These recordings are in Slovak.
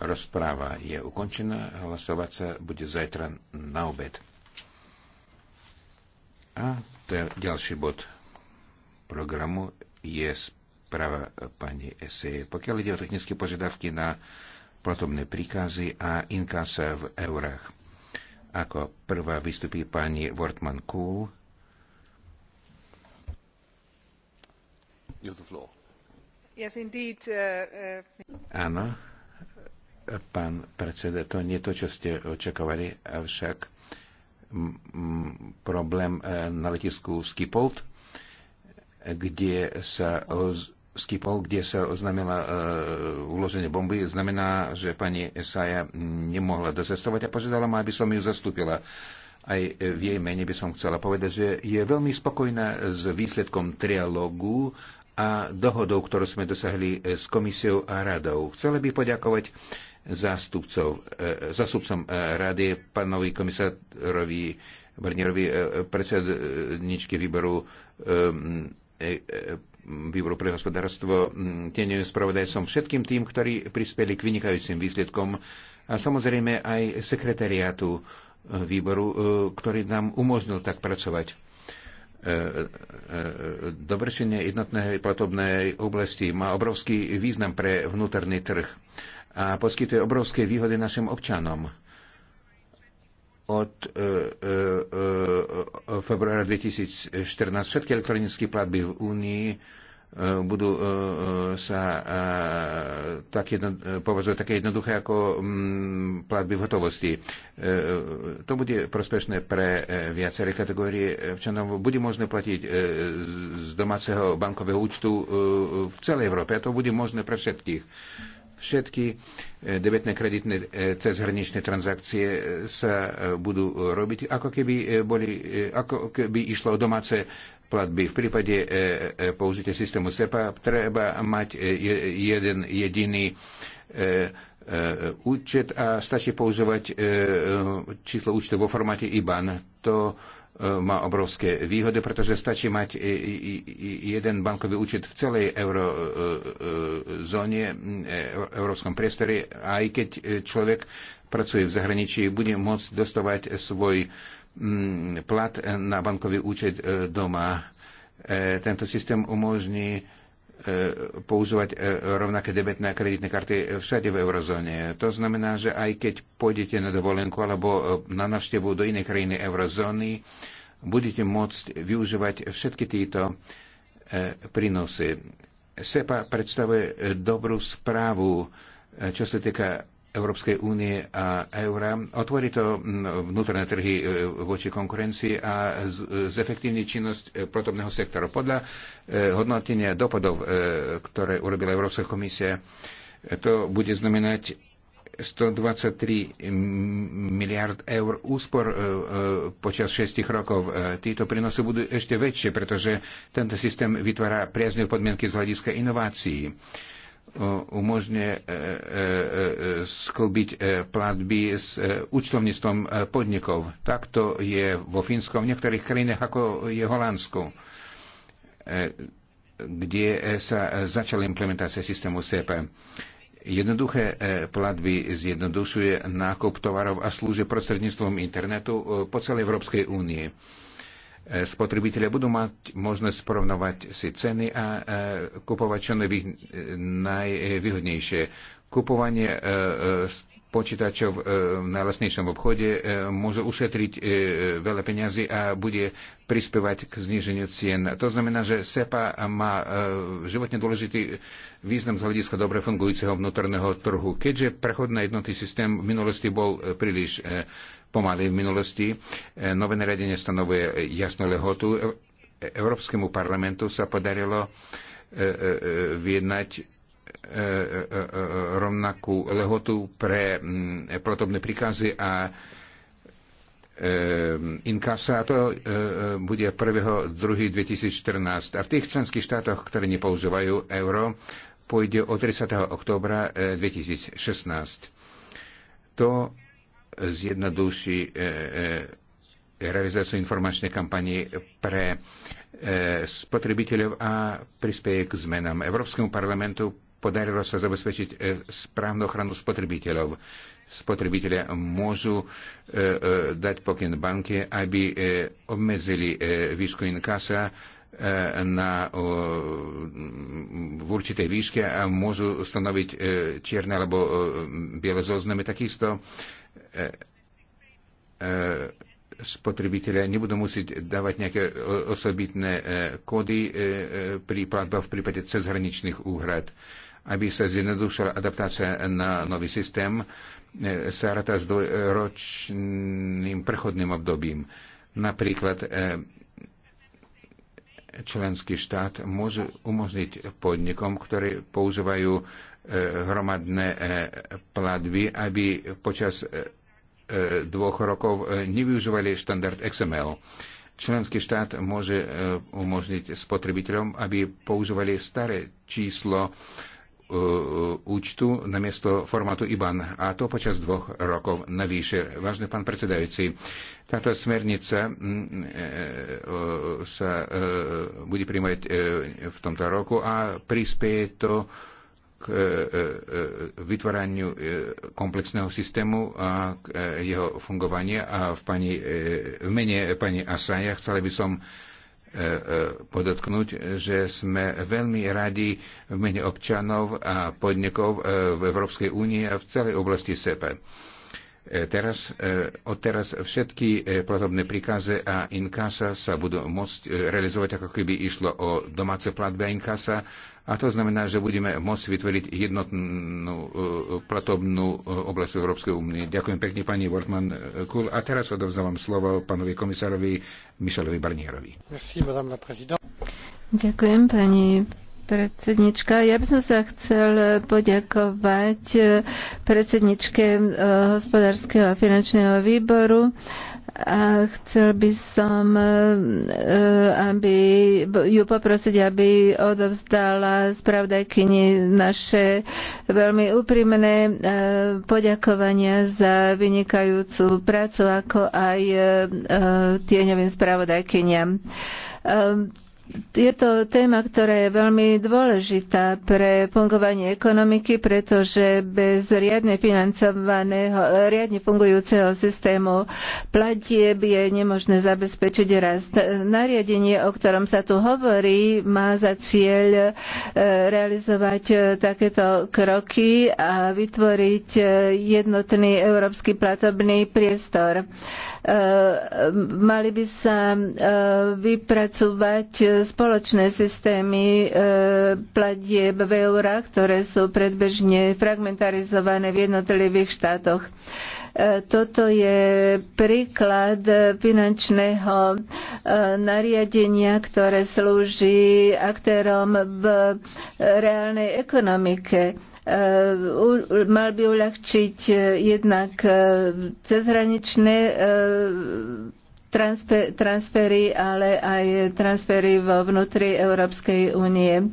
Rozpráva je ukončená. Hlasovať sa bude zajtra na obed. A je ďalší bod programu je správa pani Eseje. Pokiaľ ide o technické požiadavky na platobné príkazy a inkasa v eurách. Ako prvá vystupí pani Wortman Kuhl. Yes, indeed, uh, uh... Áno, pán predseda, to nie je to, čo ste očakávali, avšak problém e, na letisku Skipold, kde sa oz- Skipol, kde sa oznámila uh, uloženie bomby, znamená, že pani Esaja nemohla docestovať a požiadala ma, aby som ju zastúpila. Aj v jej mene by som chcela povedať, že je veľmi spokojná s výsledkom trialógu a dohodou, ktorú sme dosahli s komisiou a radou. Chcela by poďakovať zástupcov, e, zástupcom e, rady, pánovi komisárovi Barnierovi, e, predsedničke výboru výboru pre hospodárstvo, tieňovým spravodajcom, všetkým tým, ktorí prispeli k vynikajúcim výsledkom a samozrejme aj sekretariátu výboru, ktorý nám umožnil tak pracovať. Dovršenie jednotnej platobnej oblasti má obrovský význam pre vnútorný trh a poskytuje obrovské výhody našim občanom. Od e, e, e, e februára 2014 všetky elektronické platby v Únii e, budú e, sa tak jedno, považovať také jednoduché ako mm, platby v hotovosti. To bude prospešné pre viaceré kategórie občanov. Bude možné platiť z domáceho bankového účtu v celej Európe a to bude možné pre všetkých Všetky e, debetné kreditné e, cezhraničné transakcie e, sa budú robiť, ako keby, boli, ako keby išlo o domáce platby. V prípade použitia systému SEPA treba mať jeden jediný účet a stačí používať číslo účtu vo formáte IBAN. To E, má obrovské výhody, pretože stačí mať jeden bankový účet v celej eurozóne, e, e, európskom priestore, aj keď človek pracuje v zahraničí, bude môcť dostávať svoj plat na bankový účet doma. Tento systém umožní E, používať e, rovnaké debetné a kreditné karty všade v eurozóne. To znamená, že aj keď pôjdete na dovolenku alebo e, na navštevu do inej krajiny eurozóny, budete môcť využívať všetky títo prínosy. SEPA predstavuje dobrú správu, čo sa týka Európskej únie a eura. Otvorí to vnútorné trhy e, voči konkurencii a e, zefektívni činnosť e, platobného sektora. Podľa hodnotenia dopadov, ktoré urobila Európska komisia, to bude znamenať 123 miliard eur úspor počas 6 rokov. Títo prínosy budú ešte väčšie, pretože tento systém vytvára priazne podmienky z hľadiska inovácií E, umožňuje e, e, sklbiť platby s účtovníctvom podnikov. Takto je vo Fínskom, v niektorých krajinách ako je Holandsku, kde sa začala implementácia systému SEPA. Jednoduché platby zjednodušuje nákup tovarov a služieb prostredníctvom internetu po celej Európskej únii. E, spotrebitelia budú mať možnosť porovnovať si ceny a e, kupovať čo e, najvýhodnejšie. Kupovanie počítačov e, na lesnejšom obchode e, môže ušetriť e, veľa peňazí a bude prispievať k zníženiu cien. To znamená, že SEPA má životne dôležitý význam z hľadiska dobre fungujúceho vnútorného trhu. Keďže prechod na jednotný systém v minulosti bol príliš pomalý v minulosti, nové nariadenie stanovuje jasnú lehotu. Európskemu parlamentu sa podarilo vyjednať E, e, e, rovnakú lehotu pre mm, protobné príkazy a inkasa a to bude 1.2.2014. A v tých členských štátoch, ktoré nepoužívajú euro, pôjde od 30. oktobra 2016. To zjednoduší realizáciu informačnej kampanii pre spotrebiteľov a prispieje k zmenám. Európskemu parlamentu podarilo sa zabezpečiť e, správnu ochranu spotrebiteľov. Spotrebitelia môžu e, e, dať pokyn banke, aby obmedzili výšku inkasa na, v určitej výške a môžu stanoviť čierne alebo biele zoznamy. Takisto spotrebitelia nebudú musieť dávať nejaké osobitné kódy pri platbách v prípade cezhraničných úhrad aby sa zjednodušila adaptácia na nový systém, e, sa rata s dvojročným prechodným obdobím. Napríklad e, členský štát môže umožniť podnikom, ktorí používajú e, hromadné platby, aby počas dvoch rokov nevyužívali štandard XML. Členský štát môže umožniť spotrebiteľom, aby používali staré číslo E, účtu namiesto formátu IBAN a to počas dvoch rokov navýše. Vážne pán predsedajúci, táto smernica e, e, sa bude príjmať v tomto roku a prispieje to k vytváraniu komplexného systému a k jeho fungovania. A v, pani, v mene pani Asaja chcela by som E, e, podotknúť, že sme veľmi radi v mene občanov a podnikov e, v Európskej únii a v celej oblasti SEPA. Teraz, odteraz všetky platobné príkazy a inkasa sa budú môcť realizovať, ako keby išlo o domáce platby a inkasa a to znamená, že budeme môcť vytvoriť jednotnú e, platobnú e, oblasť Európskej únie. Ďakujem pekne pani Wortmann e, Kul. A teraz odovzdávam slovo pánovi komisárovi Michelovi Barnierovi. Ďakujem pani predsednička. Ja by som sa chcel poďakovať predsedničke hospodárskeho a finančného výboru a chcel by som, e, e, aby ju poprosiť, aby odovzdala spravodajkyni naše veľmi úprimné e, poďakovania za vynikajúcu prácu, ako aj tieňovým spravodajkyniam je to téma, ktorá je veľmi dôležitá pre fungovanie ekonomiky, pretože bez riadne financovaného, riadne fungujúceho systému platieb je nemožné zabezpečiť rast. Nariadenie, o ktorom sa tu hovorí, má za cieľ e, realizovať e, takéto kroky a vytvoriť e, jednotný európsky platobný priestor. Eh, mali by sa eh, vypracovať spoločné systémy eh, platieb v eurách, ktoré sú predbežne fragmentarizované v jednotlivých štátoch. Toto je príklad finančného nariadenia, ktoré slúži aktérom v reálnej ekonomike Eh, mal by uľahčiť eh, jednak eh, cezhraničné transfery, ale aj transfery vo vnútri Európskej únie.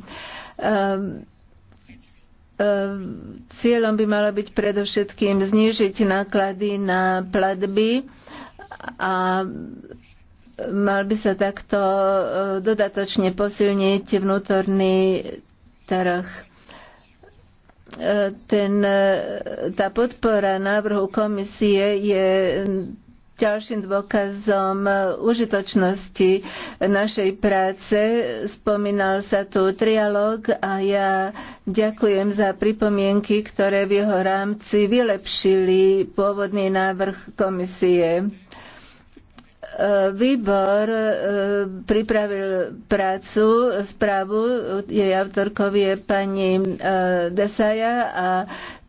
Cieľom by malo byť predovšetkým znížiť náklady na platby a mal by sa takto dodatočne posilniť vnútorný trh ten, e, tá podpora návrhu komisie je ďalším dôkazom užitočnosti našej práce. Spomínal sa tu trialog a ja ďakujem za pripomienky, ktoré v jeho rámci vylepšili pôvodný návrh komisie. Výbor e, pripravil prácu, správu, jej autorkou je pani e, Desaja a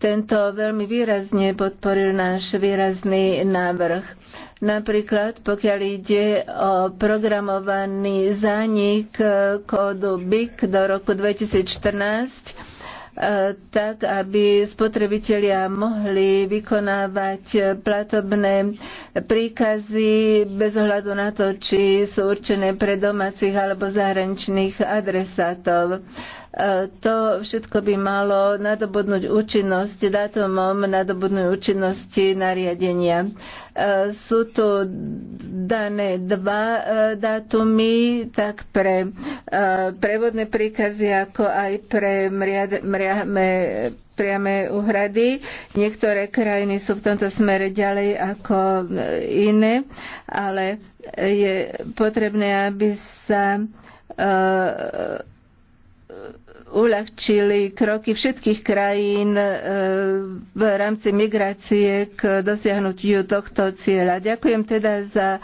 tento veľmi výrazne podporil náš výrazný návrh. Napríklad, pokiaľ ide o programovaný zánik e, kódu BIC do roku 2014, tak aby spotrebitelia mohli vykonávať platobné príkazy bez ohľadu na to, či sú určené pre domácich alebo zahraničných adresátov. E, to všetko by malo nadobudnúť účinnosť dátumom nadobudnúť účinnosti nariadenia. Sú tu dané dva eh, dátumy, tak pre eh, prevodné príkazy, ako aj pre mriame priame uhrady. Niektoré krajiny sú v tomto smere ďalej ako iné, ale je potrebné, aby sa uh, uľahčili kroky všetkých krajín e, v rámci migrácie k dosiahnutiu tohto cieľa. Ďakujem teda za e,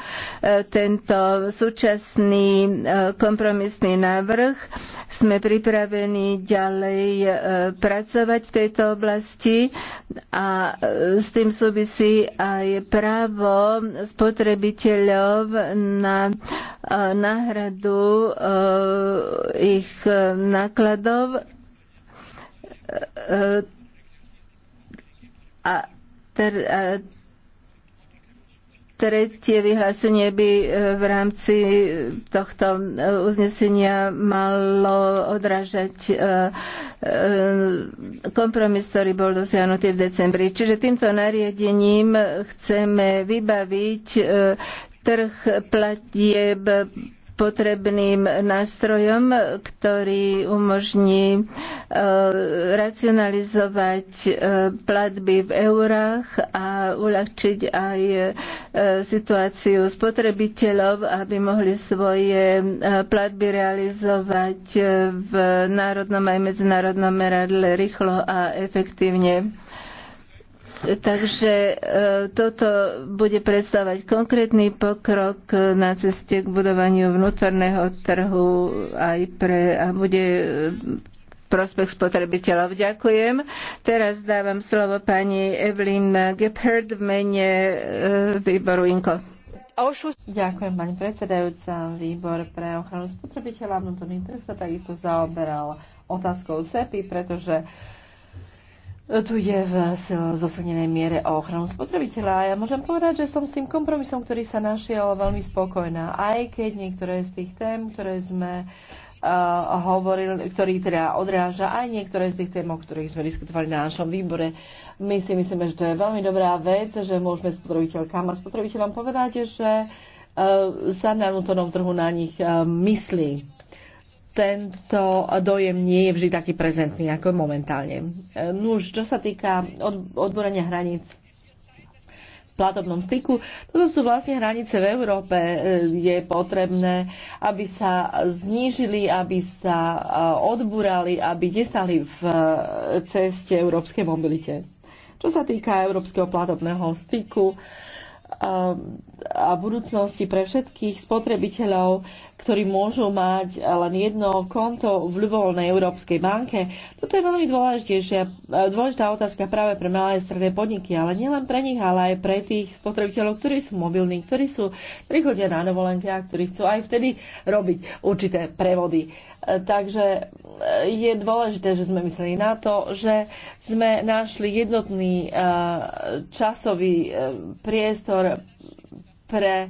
tento súčasný e, kompromisný návrh. Sme pripravení ďalej pracovať v tejto oblasti a s tým súvisí aj právo spotrebiteľov na náhradu ich nákladov štátov e, e, a ter, a e, tretie vyhlásenie by v rámci tohto uznesenia malo odrážať kompromis, ktorý bol dosiahnutý v decembri. Čiže týmto nariadením chceme vybaviť trh platieb potrebným nástrojom, ktorý umožní e, racionalizovať e, platby v eurách a uľahčiť aj e, situáciu spotrebiteľov, aby mohli svoje platby realizovať v národnom aj medzinárodnom meradle rýchlo a efektívne. Takže e, toto bude predstavať konkrétny pokrok na ceste k budovaniu vnútorného trhu aj pre, a bude e, prospech spotrebiteľov. Ďakujem. Teraz dávam slovo pani Evelyn Gebhardt v mene e, výboru INKO. Ďakujem, pani predsedajúca. Výbor pre ochranu spotrebiteľa vnútorný trh sa takisto zaoberal otázkou SEPI, pretože uh, tu je v zosilnenej miere o ochranu spotrebiteľa a ja môžem povedať, že som s tým kompromisom, ktorý sa našiel, veľmi spokojná. Aj keď niektoré z tých tém, ktoré sme uh, eh, hovorili, ktorý teda odráža aj niektoré z tých tém, o ktorých sme diskutovali na našom výbore. My si myslíme, že to je veľmi dobrá vec, že môžeme spotrebiteľkám a spotrebiteľom povedať, že uh, sa na vnútornom trhu na nich uh, myslí tento dojem nie je vždy taký prezentný, ako momentálne. Nuž, čo sa týka odborenia hraníc platobnom styku. Toto sú vlastne hranice v Európe. E, je potrebné, aby sa znížili, aby sa e, odburali, aby nestali v e, ceste európskej mobilite. Čo sa týka európskeho platobného styku, a budúcnosti pre všetkých spotrebiteľov, ktorí môžu mať len jedno konto v ľubovoľnej Európskej banke. Toto je veľmi dôležitejšia, e, dôležitá otázka práve pre malé stredné podniky, ale nielen pre nich, ale aj pre tých spotrebiteľov, ktorí sú mobilní, ktorí, sú, prichodia na dovolenke a ktorí chcú aj vtedy robiť určité prevody. E, takže e, je dôležité, že sme mysleli na to, že sme našli jednotný časový priestor pre eh,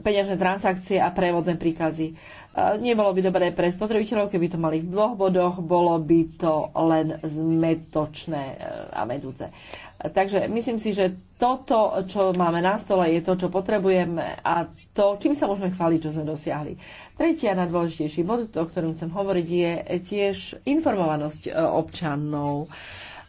peňažné transakcie a prevodné príkazy. Eh, nebolo by dobré pre spotrebiteľov, keby to mali v dvoch bodoch, bolo by to len zmetočné eh, a medúce. Takže myslím si, že toto, čo máme na stole, je to, čo potrebujeme a to, čím sa môžeme chváliť, čo sme dosiahli. Tretia a najdôležitejší bod, o ktorom chcem hovoriť, je tiež informovanosť občanov. Uh,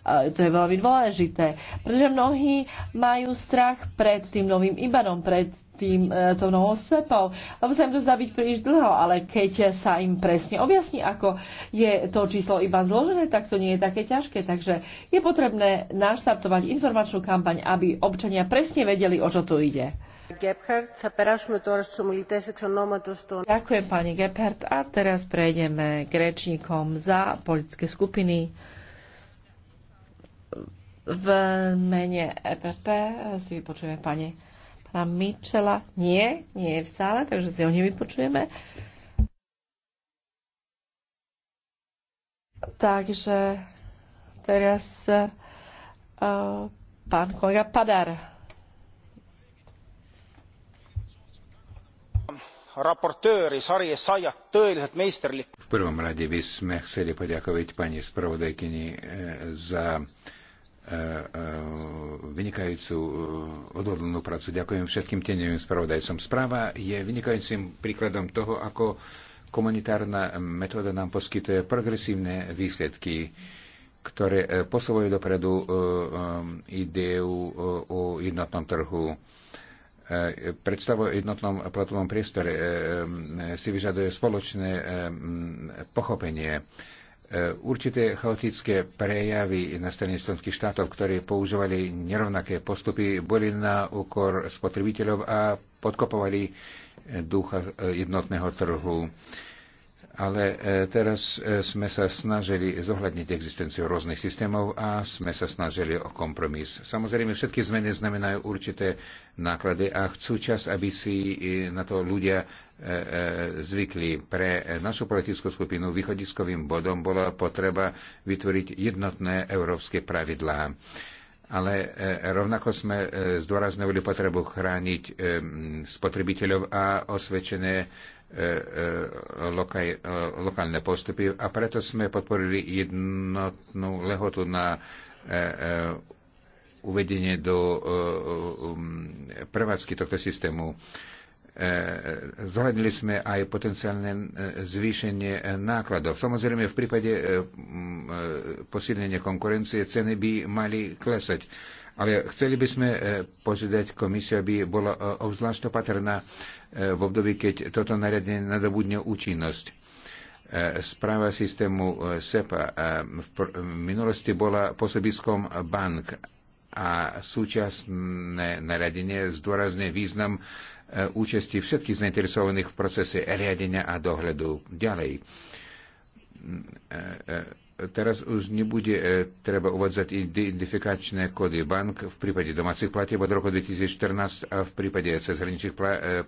to je veľmi dôležité, pretože mnohí majú strach pred tým novým Ibanom, pred tým, e, to novou sepou, lebo sa im to zdá byť príliš dlho, ale keď sa im presne objasní, ako je to číslo iba zložené, tak to nie je také ťažké. Takže je potrebné naštartovať informačnú kampaň, aby občania presne vedeli, o čo tu ide. Ďakujem pani Gephardt a teraz prejdeme k rečníkom za politické skupiny. V mene EPP si vypočujeme pani, pana Mičela. Nie, nie je v sále, takže si ho nevypočujeme. Takže teraz uh, pán kolega Padar. V prvom rade by sme chceli poďakovať pani spravodajkyni eh, za E, e, vynikajúcu e, odhodlnú prácu. Ďakujem všetkým tenevým spravodajcom. Správa je vynikajúcim príkladom toho, ako komunitárna metóda nám poskytuje progresívne výsledky, ktoré posúvajú dopredu ideu o jednotnom trhu Predstavo o jednotnom platovom priestore si vyžaduje spoločné pochopenie E, určité chaotické prejavy na strane členských štátov, ktoré používali nerovnaké postupy, boli na úkor spotrebiteľov a podkopovali e, ducha e, jednotného trhu. Ale teraz sme sa snažili zohľadniť existenciu rôznych systémov a sme sa snažili o kompromis. Samozrejme, všetky zmeny znamenajú určité náklady a chcú čas, aby si na to ľudia E, e, zvykli. Pre našu politickú skupinu východiskovým bodom bola potreba vytvoriť jednotné európske pravidlá. Ale e, rovnako sme zdôrazňovali potrebu chrániť spotrebiteľov a osvedčené lokálne postupy a preto sme podporili jednotnú lehotu na uvedenie do prevádzky tohto systému zohľadnili sme aj potenciálne e, zvýšenie e, nákladov. Samozrejme, v prípade e, posilnenia konkurencie ceny by mali klesať. Ale chceli by sme požiadať komisiu, aby bola obzvlášť opatrná v období, keď toto nariadenie nadobudne účinnosť. Správa systému SEPA v minulosti bola posobiskom bank a súčasné naradenie zdôrazne význam E, účasti všetkých zainteresovaných v procese riadenia a dohľadu. Ďalej. E, e, teraz už nebude treba uvádzať identifikačné kódy bank v prípade domácich platieb od roku 2014 a v prípade cezhraničných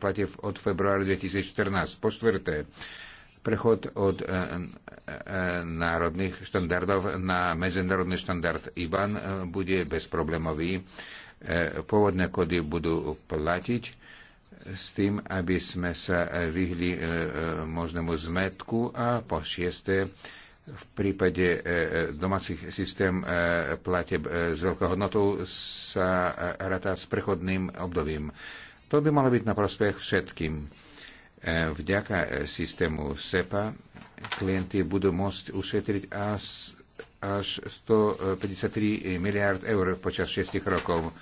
platieb od februára 2014. Po štvrté, prechod od národných štandardov na medzinárodný štandard IBAN bude bezproblémový. Pôvodné kódy budú platiť s tým, aby sme sa vyhli e, e, možnému zmetku a po šieste v prípade e, domácich systém plateb s veľkou hodnotou sa ratá s prechodným obdobím. To by malo byť na prospech všetkým. Vďaka systému SEPA klienti budú môcť ušetriť až 153 miliard eur počas 6 rokov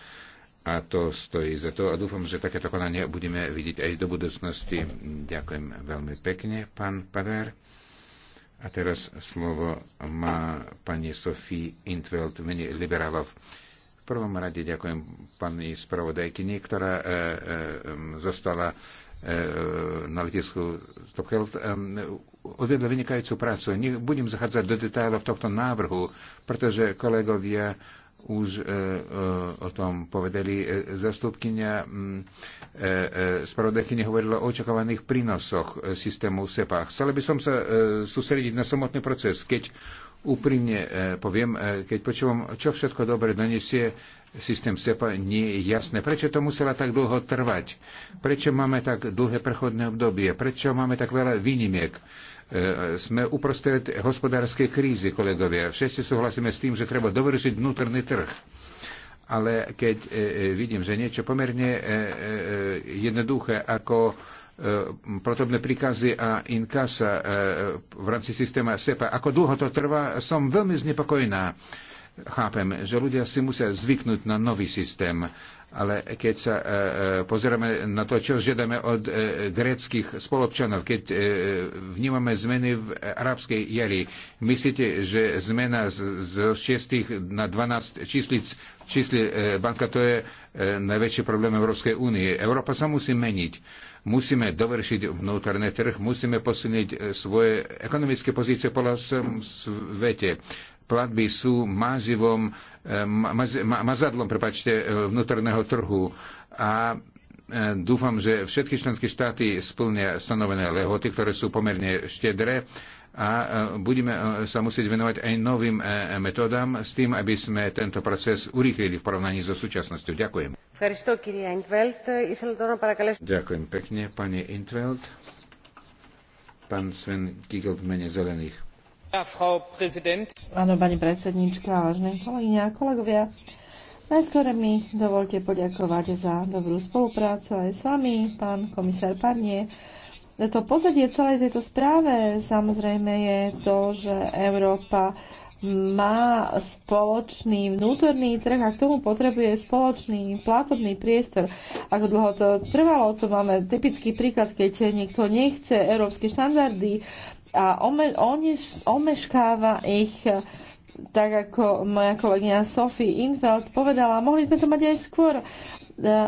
a to stojí za to a dúfam, že takéto konanie budeme vidieť aj do budúcnosti. Ďakujem veľmi pekne, pán Padár. A teraz slovo má pani Sofie Intveld, mene liberálov. V prvom rade ďakujem pani spravodajkyni, ktorá e, e, zostala e, na letisku Stokheld. E, odvedla vynikajúcu prácu. Ne, budem zachádzať do detailov tohto návrhu, pretože kolegovia už e, e, o tom povedali e, zastupkynia. Mm, Spravodajkynia hovorila o očakávaných prínosoch systému SEPA. Chcela by som sa sústrediť na samotný proces. Keď úprimne poviem, keď počúvam, čo všetko dobre donesie systém SEPA nie je jasné. Prečo to musela tak dlho trvať? Prečo máme tak dlhé prechodné obdobie? Prečo máme tak veľa výnimiek? E, sme uprostred hospodárskej krízy, kolegovia. Všetci súhlasíme s tým, že treba dovršiť vnútorný trh. Ale keď e, e, vidím, že niečo pomerne jednoduché ako protobné príkazy a inkasa v rámci systéma SEPA. Ako dlho to trvá, som veľmi znepokojená. Chápem, že ľudia si musia zvyknúť na nový systém. Ale keď sa e, e, pozeráme na to, čo žiadame od e, greckých spoločanov, keď vnímame zmeny v arabskej jari, myslíte, že zmena z 6 na 12 číslic čísli banka to je najväčší problém Európskej únie. Európa sa musí meniť. Musíme dovršiť vnútorný trh, musíme posilniť svoje ekonomické pozície po svete platby sú mazivom, eh, maz, mazadlom prepáčte, eh, vnútorného trhu a eh, dúfam, že všetky členské štáty splnia stanovené lehoty, ktoré sú pomerne štedré a budeme sa musieť venovať aj novým metodám s tým, aby sme tento proces urýchlili v porovnaní so súčasnosťou. Ďakujem. Ďakujem pekne, pani Intveld. Pán Sven Kigel v mene Zelených vážne a kolegovia. Najskôr mi dovolte poďakovať za dobrú spoluprácu aj s vami, pán komisár Parnie. To pozadie celej tejto správe samozrejme je to, že Európa má spoločný vnútorný trh a k tomu potrebuje spoločný platobný priestor. Ako dlho to trvalo, to máme typický príklad, keď niekto nechce európske štandardy, a omeškáva ich eh, tak ako moja kolegyňa Sophie Infeld povedala, mohli sme to mať aj skôr eh,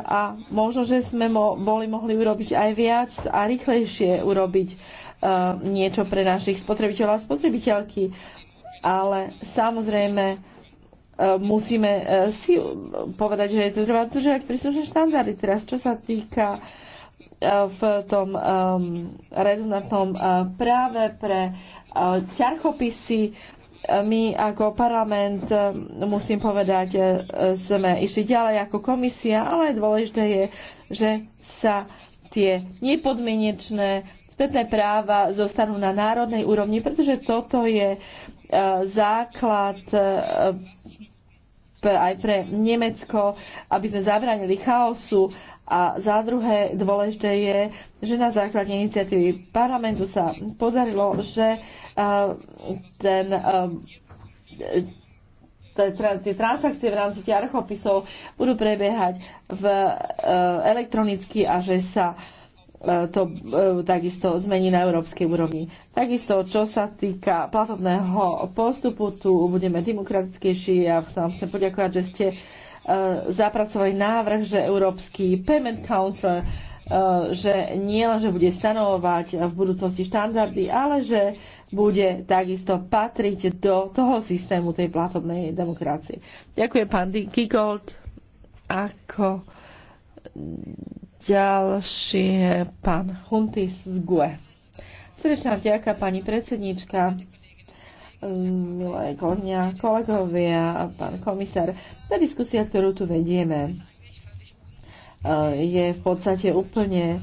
a možno, že sme mo- boli mohli urobiť aj viac a rýchlejšie urobiť uh, niečo pre našich spotrebiteľov a spotrebiteľky. Ale samozrejme uh, musíme uh, si povedať, že je to treba dodržovať príslušné štandardy. Teraz, čo sa týka uh, E, v tom e, redundantnom e, práve pre ťarchopisy my ako parlament, musím povedať, sme išli ďalej ako komisia, ale dôležité je, že sa tie nepodmienečné spätné práva zostanú na národnej úrovni, pretože toto je základ aj pre Nemecko, aby sme zabránili chaosu a za druhé dôležité je, že na základe iniciatívy parlamentu sa podarilo, že ten tie transakcie v rámci tých archopisov budú prebiehať v, e, elektronicky a že sa e, to e, takisto zmení na európskej úrovni. Takisto, čo sa týka platobného postupu, tu budeme demokratickejší. Ja sa vám chcem poďakovať, že ste uh, E, zapracovali návrh, že Európsky Payment Council e, že nie len, že bude stanovovať v budúcnosti štandardy, ale že bude takisto patriť do toho systému tej platobnej demokracie. Ďakujem pán Kigold. Ako ďalší je pán Huntis z GUE. Srdečná vďaka pani predsedníčka milé kolegyňa, kolegovia a pán komisár, tá diskusia, ktorú tu vedieme, e, je v podstate úplne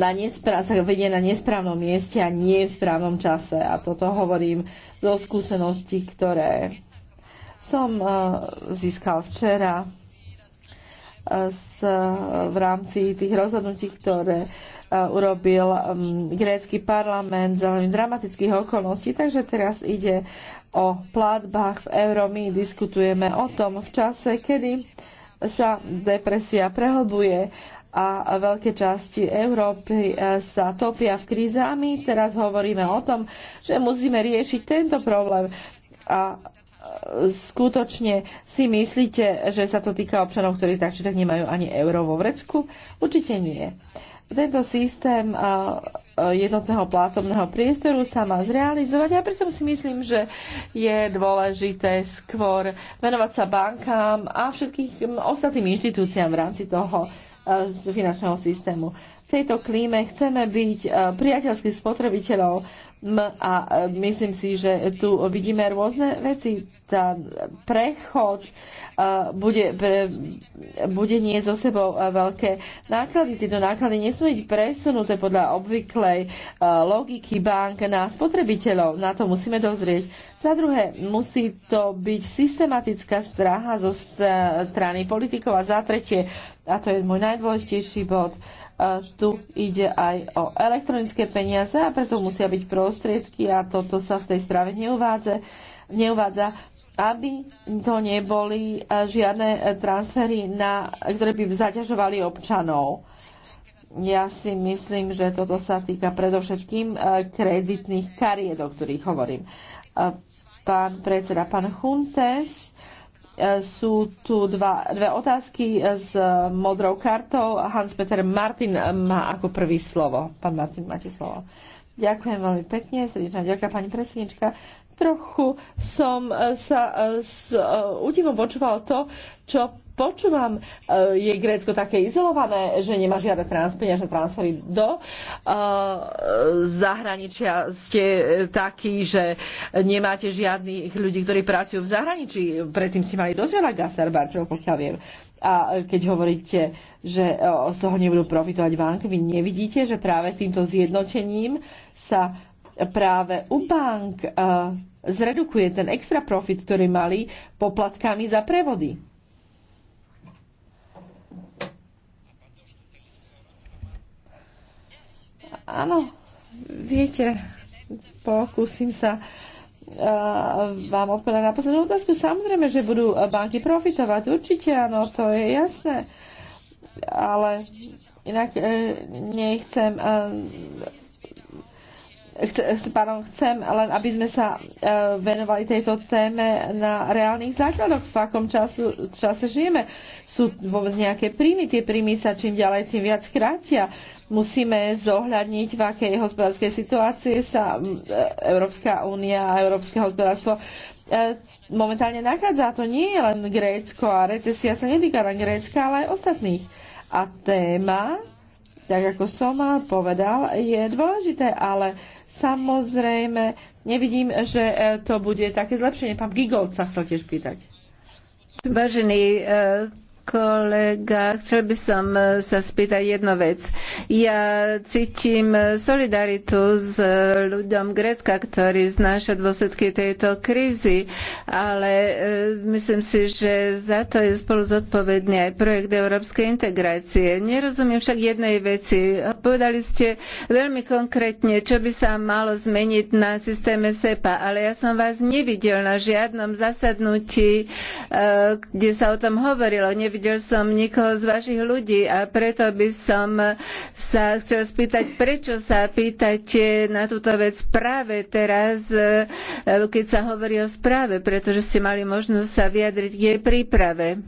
na nespra- sa vedie na nesprávnom mieste a nie v správnom čase. A toto hovorím zo skúseností, ktoré som e, získal včera e, v rámci tých rozhodnutí, ktoré Uh, urobil um, grécky parlament za veľmi dramatických okolností, takže teraz ide o platbách v euro. My diskutujeme o tom v čase, kedy sa depresia prehlbuje a veľké časti Európy uh, sa topia v kríze a my teraz hovoríme o tom, že musíme riešiť tento problém. A uh, skutočne si myslíte, že sa to týka občanov, ktorí tak či tak nemajú ani euro vo vrecku? Určite nie. Tento systém eh, eh, jednotného plátomného priestoru sa má zrealizovať a pritom si myslím, že je dôležité skôr venovať sa bankám a všetkým ostatným inštitúciám v rámci toho eh, finančného systému. V tejto klíme chceme byť priateľských spotrebiteľov, a e, myslím si, že tu vidíme rôzne veci. Tá prechod e, bude, bude nie so sebou e, veľké náklady. Tieto náklady nesmú byť presunuté podľa obvyklej logiky bank na spotrebiteľov. Na to musíme dozrieť. Za druhé, musí to byť systematická straha zo strany politikov. A za tretie, a to je môj najdôležitejší bod, uh, Eh, tu ide aj o elektronické peniaze a preto musia byť prostriedky a toto sa v tej správe neuvádza, neuvádza aby to neboli eh, žiadne eh, transfery, na, ktoré by zaťažovali občanov. Ja si myslím, že toto sa týka predovšetkým kreditných kariet, o ktorých hovorím. Pán predseda, pán Huntes, sú tu dva, dve otázky s modrou kartou. Hans-Peter Martin má ako prvý slovo. Pán Martin, máte slovo. Ďakujem veľmi pekne, srdečná ďaká pani predsednička. Trochu som sa s údivom e, počúval to, čo počúvam, e, je Grécko také izolované, že nemá žiadne trans, peňažné transfery do e, zahraničia. Ste takí, že nemáte žiadnych ľudí, ktorí pracujú v zahraničí. Predtým si mali dosť veľa gastarbarčov, pokiaľ viem. A keď hovoríte, že e, z toho nebudú profitovať banky, vy nevidíte, že práve týmto zjednotením sa práve u bank zredukuje ten extra profit, ktorý mali poplatkami za prevody. Áno, viete, pokúsim sa vám odpovedať na poslednú otázku. Samozrejme, že budú banky profitovať, určite áno, to je jasné. Ale inak e, nechcem. E, chce, pardon, chcem len, aby sme sa e, venovali tejto téme na reálnych základoch, v akom času, čase žijeme. Sú vôbec nejaké príjmy, tie príjmy sa čím ďalej, tým viac krátia. E, musíme zohľadniť, v akej hospodárskej situácii sa Európska únia a európske hospodárstvo e, momentálne nachádza. To nie je len Grécko a recesia sa netýka len Grécka, ale aj ostatných. A téma, tak ako som povedal, je dôležité, ale samozrejme nevidím, že e, to bude také zlepšenie. Pán Gigold sa chcel tiež pýtať. Vážený e, kolega, chcel by som eh, sa spýtať jednu vec. Ja cítim eh, solidaritu s eh, ľuďom Grécka, ktorí znáša dôsledky tejto krízy, ale myslím si, že za to je spolu zodpovedný aj projekt európskej integrácie. Nerozumiem však jednej veci. Povedali ste veľmi konkrétne, čo by sa malo zmeniť na systéme SEPA, ale ja som vás nevidel na žiadnom zasadnutí, kde sa o tom hovorilo nevidel som nikoho z vašich ľudí a preto by som sa chcel spýtať, prečo sa pýtate na túto vec práve teraz, e, keď sa hovorí o správe, pretože ste mali možnosť sa vyjadriť k jej príprave.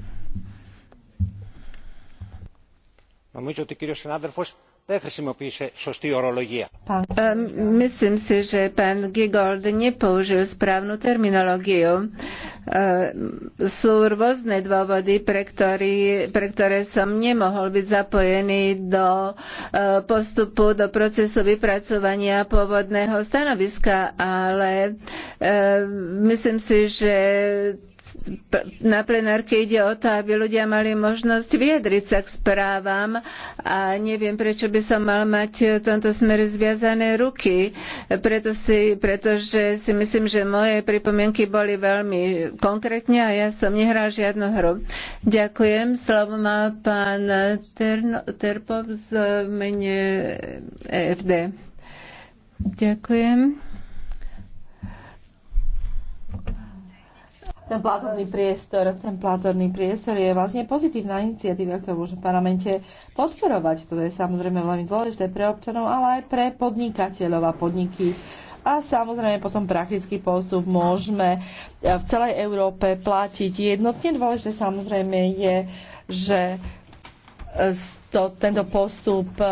Myslím si, že pán Gigold nepoužil správnu terminológiu. Sú rôzne dôvody, pre, ktorý, pre ktoré som nemohol byť zapojený do e, postupu, do procesu vypracovania pôvodného stanoviska, ale myslím si, že na plenárke ide o to, aby ľudia mali možnosť vyjadriť sa k správam a neviem, prečo by som mal mať v tomto smere zviazané ruky, preto si, pretože si myslím, že moje pripomienky boli veľmi konkrétne a ja som nehral žiadnu hru. Ďakujem. Slovo má pán Terno, Terpov z mene e FD. Ďakujem. ten platobný priestor. Ten plátorný priestor je vlastne pozitívna iniciatíva, ktorú môžeme v parlamente podporovať. To je samozrejme veľmi dôležité pre občanov, ale aj pre podnikateľov a podniky. A samozrejme potom praktický postup môžeme e, v celej Európe platiť. Jednotne dôležité samozrejme je, že e, to, tento postup e,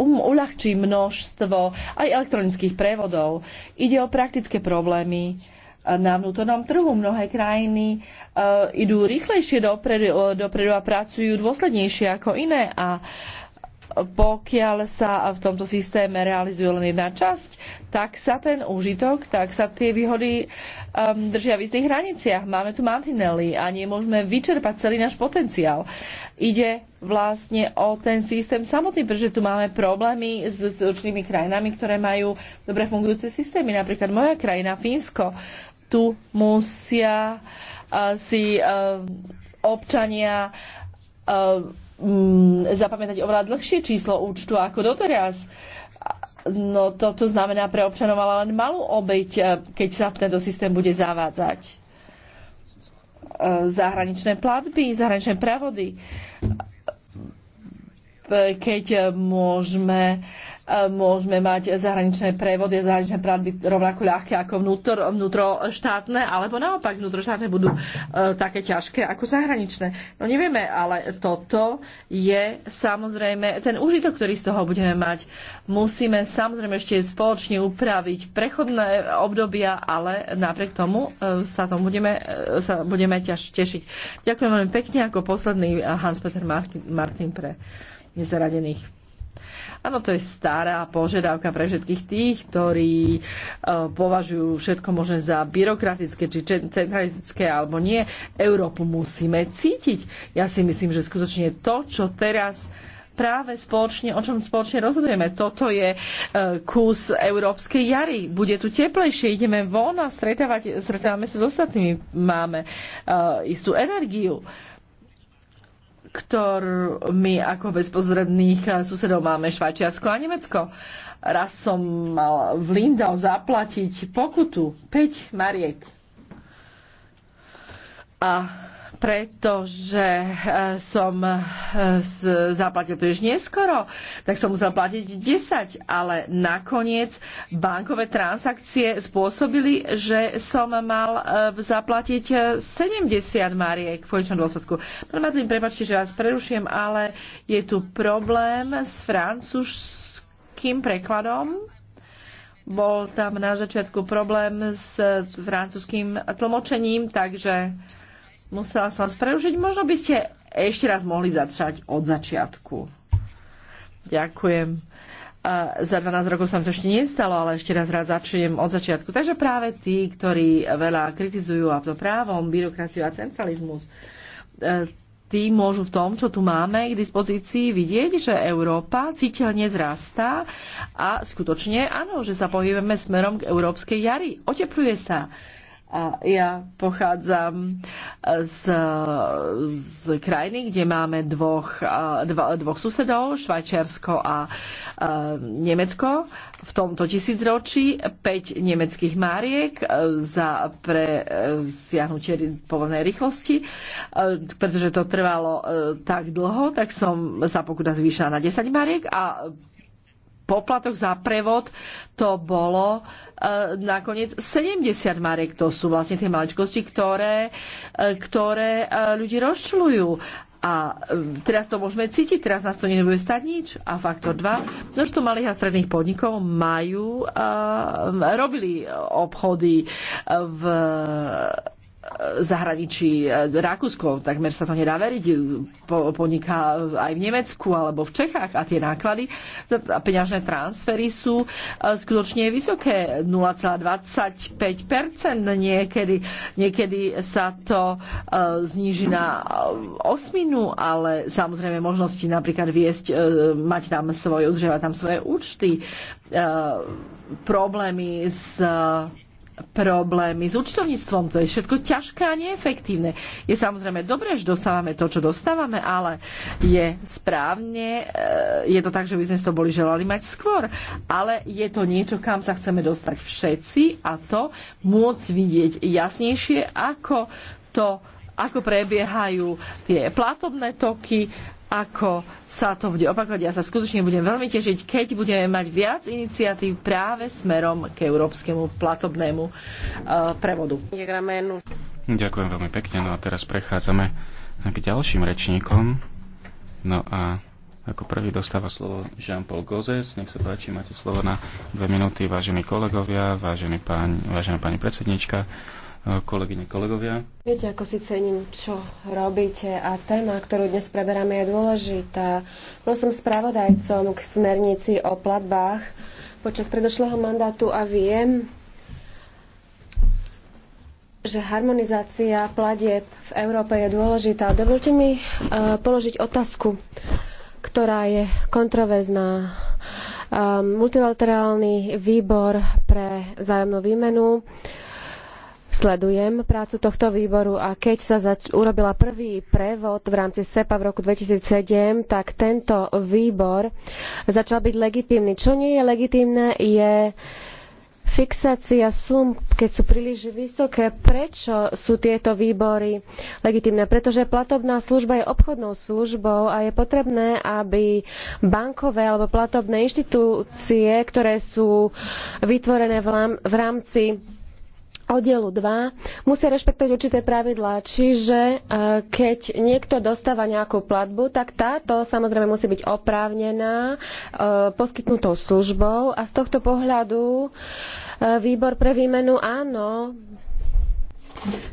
um, uľahčí množstvo aj elektronických prevodov. Ide o praktické problémy, na vnútornom trhu. Mnohé krajiny uh, idú rýchlejšie dopredu, dopredu a pracujú dôslednejšie ako iné a pokiaľ sa v tomto systéme realizuje len jedna časť, tak sa ten úžitok, tak sa tie výhody um, držia v istých hraniciach. Máme tu mantinely a nemôžeme vyčerpať celý náš potenciál. Ide vlastne o ten systém samotný, pretože tu máme problémy s, s určitými krajinami, ktoré majú dobre fungujúce systémy. Napríklad moja krajina, Fínsko, tu musia eh, si eh, občania eh, mm, zapamätať oveľa dlhšie číslo účtu ako doteraz. No toto znamená pre občanov ale len malú obeď, keď sa tento systém bude zavádzať. Zahraničné platby, zahraničné pravody. Keď môžeme môžeme mať zahraničné prevody, zahraničné platby rovnako ľahké ako vnútor, vnútroštátne, alebo naopak vnútroštátne budú e, také ťažké ako zahraničné. No nevieme, ale toto je samozrejme ten užitok, ktorý z toho budeme mať. Musíme samozrejme ešte spoločne upraviť prechodné obdobia, ale napriek tomu e, sa tomu budeme, e, sa budeme ťaž, tešiť. Ďakujem veľmi pekne ako posledný Hans-Peter Martin, Martin pre nezaradených. Áno, to je stará požiadavka pre všetkých tých, ktorí e, považujú všetko možné za byrokratické, či centralistické alebo nie. Európu musíme cítiť. Ja si myslím, že skutočne to, čo teraz práve spoločne, o čom spoločne rozhodujeme. Toto je e, kus európskej jary. Bude tu teplejšie, ideme von a stretávať, stretávame sa s ostatnými. Máme e, istú energiu. E, ktorými ako bezpozredných eh, susedov máme Švajčiarsko a Nemecko. Raz som mal v Lindau zaplatiť pokutu 5 mariek. A pretože eh, som eh, zaplatil príliš neskoro, tak som musel platiť 10, ale nakoniec bankové transakcie spôsobili, že som mal eh, zaplatiť 70 mariek v konečnom dôsledku. Pán Matlín, prepačte, že vás prerušujem, ale je tu problém s francúzským prekladom. Bol tam na začiatku problém s francúzským tlmočením, takže Musela som vás preužiť. Možno by ste ešte raz mohli začať od začiatku. Ďakujem. Uh, za 12 rokov sa mi to ešte nestalo, ale ešte raz rád začujem od začiatku. Takže práve tí, ktorí veľa kritizujú a to právom, byrokraciu a centralizmus, uh, tí môžu v tom, čo tu máme k dispozícii, vidieť, že Európa citeľne zrastá a skutočne áno, že sa pohybeme smerom k európskej jari. Otepluje sa. Ja pochádzam eh, z, z krajiny, kde máme dvoch, eh, dvo, dvoch susedov, Švajčiarsko a eh, Nemecko. V tomto tisícročí 5 nemeckých máriek za pre siahnutie povolnej rýchlosti. Pretože to trvalo tak dlho, tak som sa pokuda zvýšila na 10 máriek a poplatok za prevod, to bolo e, nakoniec 70 marek. To sú vlastne tie maličkosti, ktoré, e, ktoré e, ľudí rozčľujú. A e, teraz to môžeme cítiť, teraz nás to nebude stať nič. A faktor 2, množstvo malých a stredných podnikov majú, e, robili obchody v zahraničí e, Rakúsko, takmer sa to nedá veriť, po, poniká aj v Nemecku alebo v Čechách a tie náklady za peňažné transfery sú e, skutočne vysoké, 0,25% niekedy, niekedy sa to e, zníži na osminu, ale samozrejme možnosti napríklad viesť, mať tam svoje, udržiavať tam svoje účty, problémy s problémy s účtovníctvom, to je všetko ťažké a neefektívne. Je samozrejme dobré, že dostávame to, čo dostávame, ale je správne, e, je to tak, že by sme to boli želali mať skôr, ale je to niečo, kam sa chceme dostať všetci a to môcť vidieť jasnejšie, ako to ako prebiehajú tie platobné toky, ako sa to bude opakovať. Ja sa skutočne budem veľmi tešiť, keď budeme mať viac iniciatív práve smerom k európskemu platobnému e, prevodu. Ďakujem veľmi pekne. No a teraz prechádzame k ďalším rečníkom. No a ako prvý dostáva slovo Jean-Paul Gozes. Nech sa páči, máte slovo na dve minúty, vážení kolegovia, vážený pán, vážená pani predsednička, kolegyne, kolegovia. Viete, ako si cením, čo robíte a téma, ktorú dnes preberáme, je dôležitá. Bol som spravodajcom k smernici o platbách počas predošlého mandátu a viem, že harmonizácia platieb v Európe je dôležitá. Dovolte mi uh, položiť otázku, ktorá je kontroverzná. Um, multilaterálny výbor pre zájomnú výmenu uh, Sledujem prácu tohto výboru a keď sa zač- urobila prvý prevod v rámci SEPA v roku 2007, tak tento výbor začal byť legitímny. Čo nie je legitímne, je fixácia sum, keď sú príliš vysoké, prečo sú tieto výbory legitímne? Pretože platobná služba je obchodnou službou a je potrebné, aby bankové alebo platobné inštitúcie, ktoré sú vytvorené v rámci oddielu 2 musia rešpektovať určité pravidlá, čiže e, keď niekto dostáva nejakú platbu, tak táto samozrejme musí byť oprávnená e, poskytnutou službou a z tohto pohľadu e, výbor pre výmenu áno,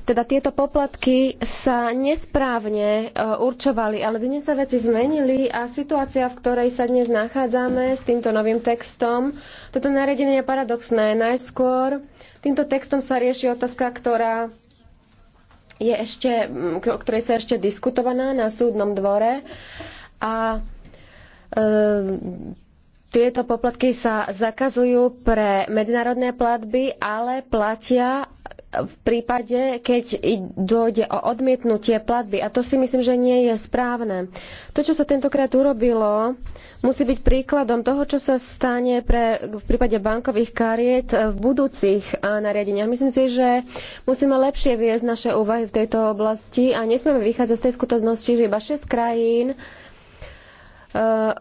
teda tieto poplatky sa nesprávne určovali, ale dnes sa veci zmenili a situácia, v ktorej sa dnes nachádzame s týmto novým textom, toto nariadenie je paradoxné. Najskôr Týmto textom sa rieši otázka, ktorá je ešte, mm, o ktorej sa ešte diskutovaná na súdnom dvore a e, tieto poplatky sa zakazujú pre medzinárodné platby, ale platia v prípade, keď dôjde o odmietnutie platby. A to si myslím, že nie je správne. To, čo sa tentokrát urobilo, musí byť príkladom toho, čo sa stane pre, v prípade bankových kariet v budúcich eh, nariadeniach. Myslím si, že musíme lepšie viesť naše úvahy v tejto oblasti a nesmieme vychádzať z tej skutočnosti, že iba 6 krajín Eh,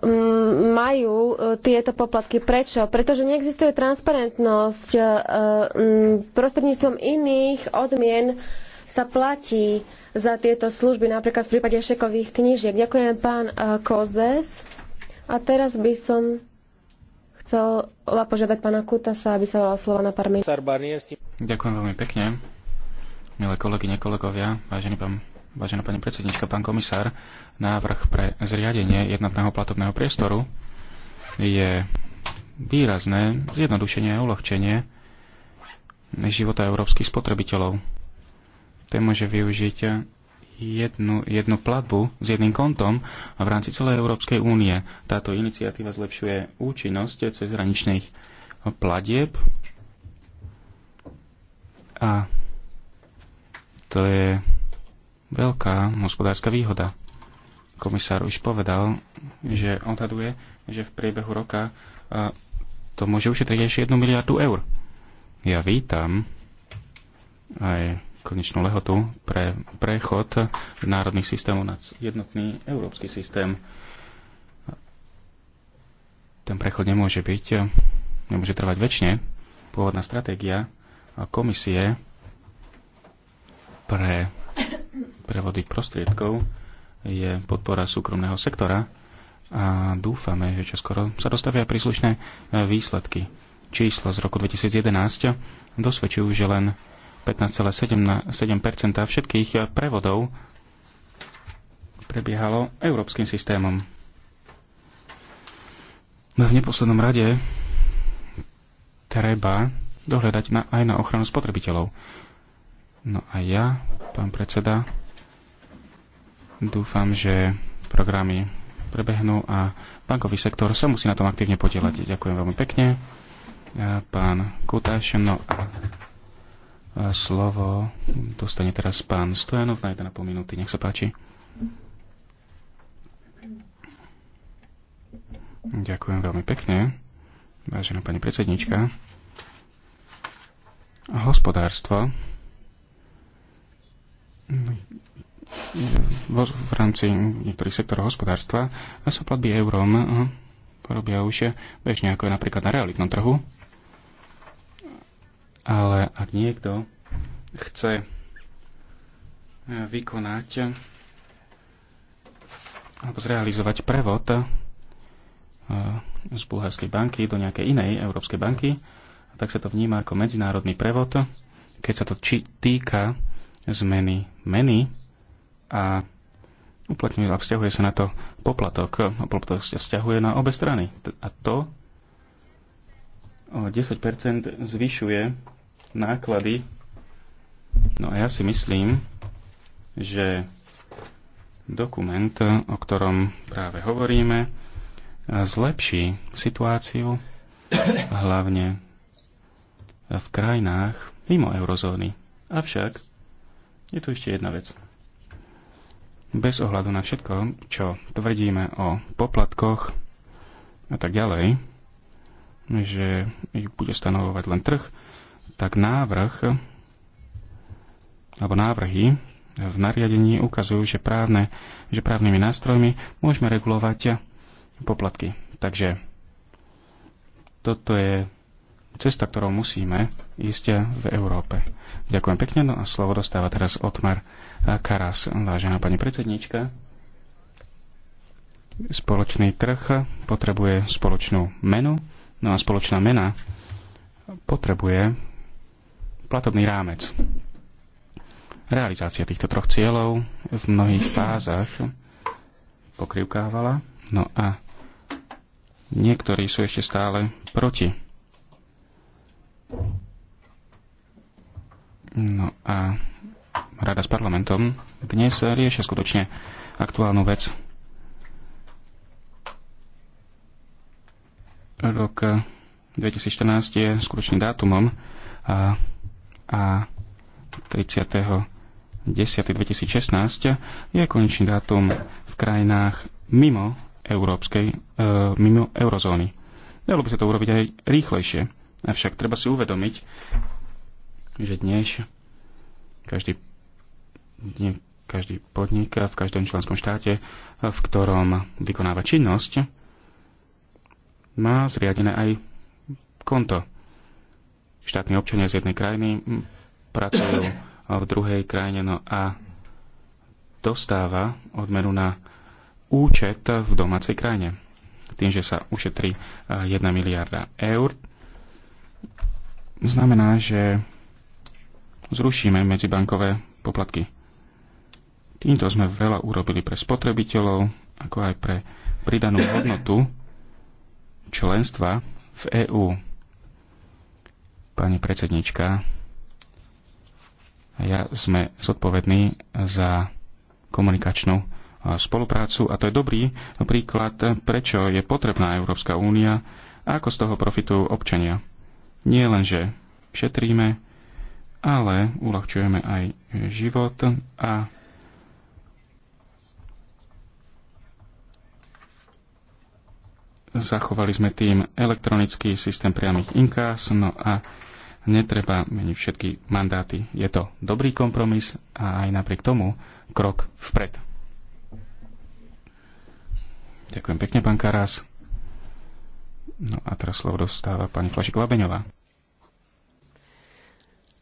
majú eh, tieto poplatky. Prečo? Pretože neexistuje transparentnosť. Eh, prostredníctvom iných odmien sa platí za tieto služby, napríklad v prípade šekových knížiek. Ďakujem pán Kozes. A teraz by som chcela požiadať pána Kutasa, aby sa volal slova na pár minút. Ďakujem veľmi pekne. Milé kolegy, kolegovia, vážený pán vážená pani predsednička, pán komisár, návrh pre zriadenie jednotného platobného priestoru je výrazné zjednodušenie a uľahčenie života európskych spotrebiteľov. Ten môže využiť jednu, jednu platbu s jedným kontom a v rámci celej Európskej únie. Táto iniciatíva zlepšuje účinnosť cez hraničných platieb a to je veľká hospodárska výhoda. Komisár už povedal, že odhaduje, že v priebehu roka to môže ušetriť ešte 1 miliardu eur. Ja vítam aj konečnú lehotu pre prechod národných systémov na jednotný európsky systém. Ten prechod nemôže byť, nemôže trvať väčšine. Pôvodná stratégia komisie pre prevody prostriedkov je podpora súkromného sektora a dúfame, že čoskoro sa dostavia príslušné e, výsledky. Čísla z roku 2011 dosvedčujú, že len 15,7% všetkých prevodov prebiehalo európskym systémom. V neposlednom rade treba dohľadať na, aj na ochranu spotrebiteľov. No a ja, pán predseda, Dúfam, že programy prebehnú a bankový sektor sa musí na tom aktívne podielať. Ďakujem veľmi pekne. Pán Kutáš, no a slovo dostane teraz pán Stojanov na 1,5 minúty. Nech sa páči. Ďakujem veľmi pekne, vážená pani predsednička. Hospodárstvo v rámci niektorých sektorov hospodárstva sa platby eurom eh, robia už eh, bežne, ako je napríklad na realitnom trhu. Ale ak niekto chce eh, vykonať alebo zrealizovať prevod z bulharskej banky do nejakej inej európskej banky, tak sa to vníma ako medzinárodný prevod, keď sa to či týka zmeny meny, a uplatňuje a vzťahuje sa na to poplatok. A poplatok sa vzťahuje na obe strany. A to o 10% zvyšuje náklady. No a ja si myslím, že dokument, o ktorom práve hovoríme, zlepší situáciu hlavne v krajinách mimo eurozóny. Avšak je tu ešte jedna vec bez ohľadu na všetko, čo tvrdíme o poplatkoch a tak ďalej, že ich bude stanovovať len trh, tak návrh alebo návrhy v nariadení ukazujú, že, právne, že právnymi nástrojmi môžeme regulovať poplatky. Takže toto je cesta, ktorou musíme ísť v Európe. Ďakujem pekne, no a slovo dostáva teraz Otmar Karas. Vážená pani predsednička, spoločný trh potrebuje spoločnú menu, no a spoločná mena potrebuje platobný rámec. Realizácia týchto troch cieľov v mnohých fázach pokrivkávala, no a niektorí sú ešte stále proti. No a rada s parlamentom dnes riešia skutočne aktuálnu vec. Rok 2014 je skutočným dátumom a, a 30.10.2016 je konečný dátum v krajinách mimo európskej, e, mimo eurozóny. Dalo by sa to urobiť aj rýchlejšie. Avšak treba si uvedomiť, že dnes každý, nie, každý podnik v každom členskom štáte, v ktorom vykonáva činnosť, má zriadené aj konto. Štátni občania z jednej krajiny hm, pracujú v druhej krajine no a dostáva odmenu na účet v domácej krajine. Tým, že sa ušetrí 1 eh, miliarda eur, znamená, že zrušíme medzibankové poplatky. Týmto sme veľa urobili pre spotrebiteľov, ako aj pre pridanú hodnotu členstva v EÚ. Pani predsednička, ja sme zodpovední za komunikačnú spoluprácu a to je dobrý príklad, prečo je potrebná Európska únia a ako z toho profitujú občania. Nie len, že šetríme, ale uľahčujeme aj život a zachovali sme tým elektronický systém priamých inkás, no a netreba meniť všetky mandáty. Je to dobrý kompromis a aj napriek tomu krok vpred. Ďakujem pekne, pán Karas. No a teraz slovo dostáva pani Flašik Labeňová